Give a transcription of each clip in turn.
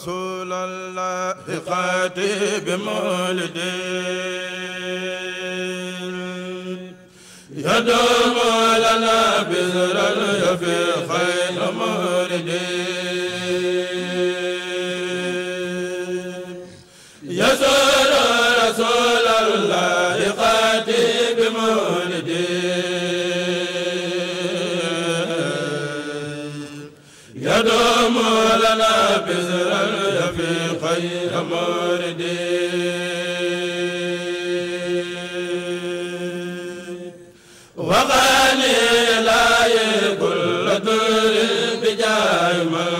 رسول الله خاتب مولدين يدوم لنا بذر في خير موردين يسر رسول الله خاتب مولدين يدوم لنا بذر bi jaay ma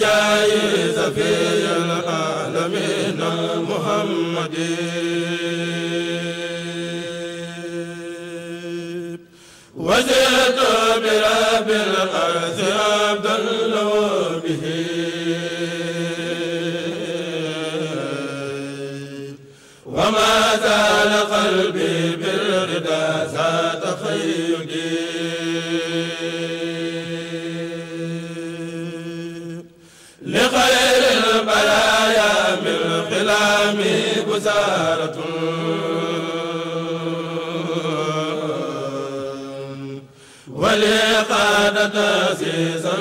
جايز في العالمين المحمدي وزيد برب الأرض عبد به وما زال قلبي بالردى ذات خيري الظلام بزارة ولقد تسيسا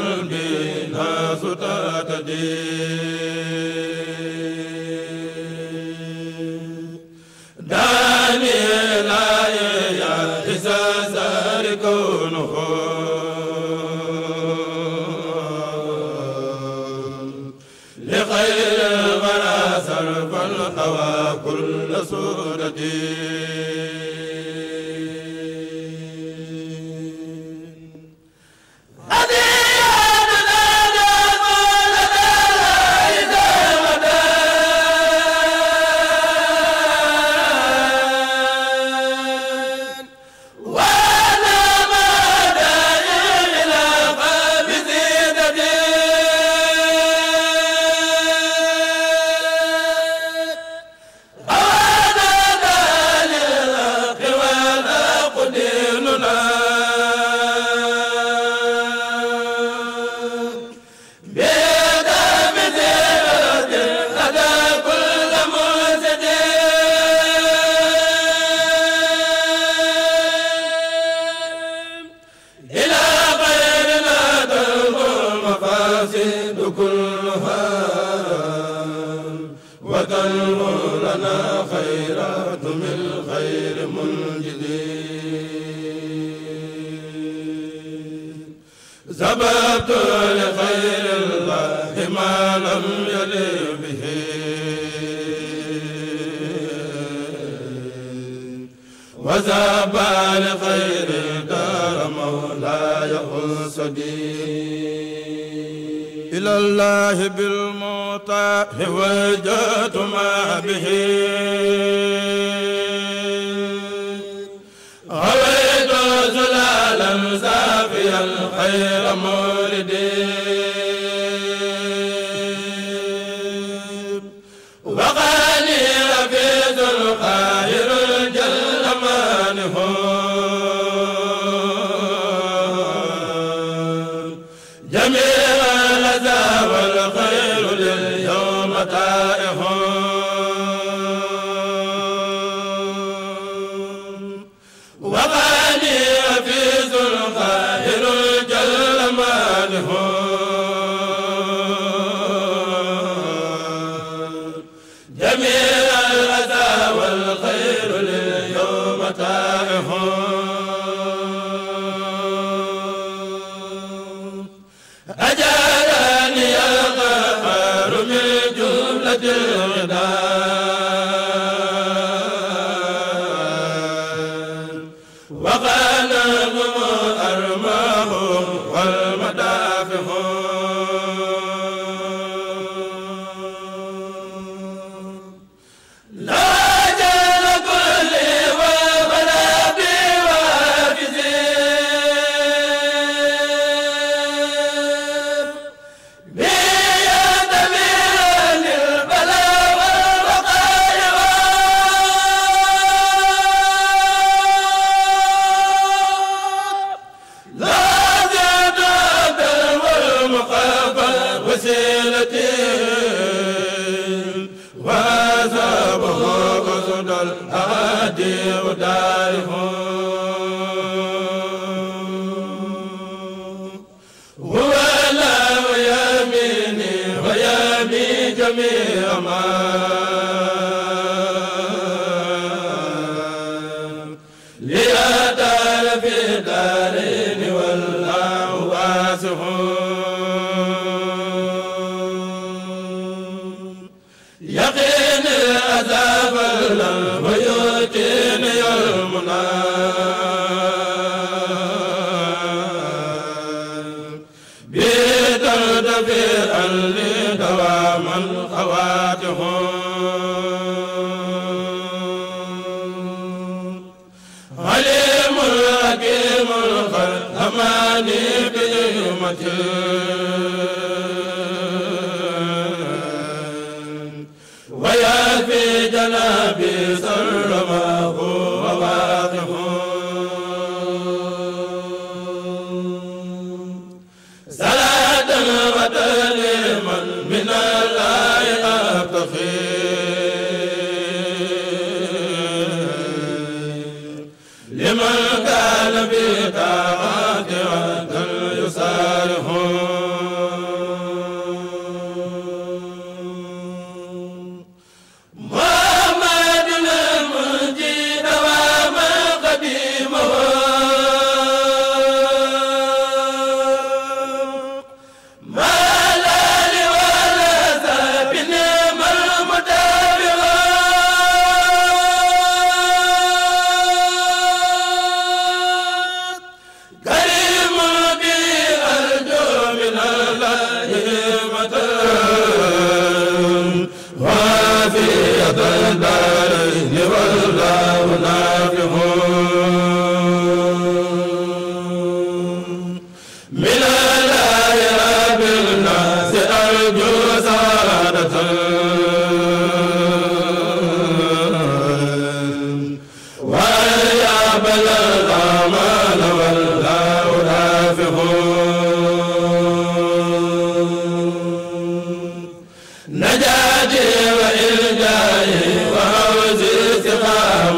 أوى كل سورة لنا خيرات من الخير منجدين زببت لخير الله ما لم يلي به وذاب لخير الدار مولاي حسدين إلى الله بالموتى وجهت ما به غويت زلالا زافيا خير موردي وغني رفيد الخير الجل مانه dëdda جود الهادي وداره هو لا ويميني ويمي جميع ما ليا دار في دارين والله واسع من خواتهم عليم الحكيم الخرمان بنعمته ويا في جنابي سرما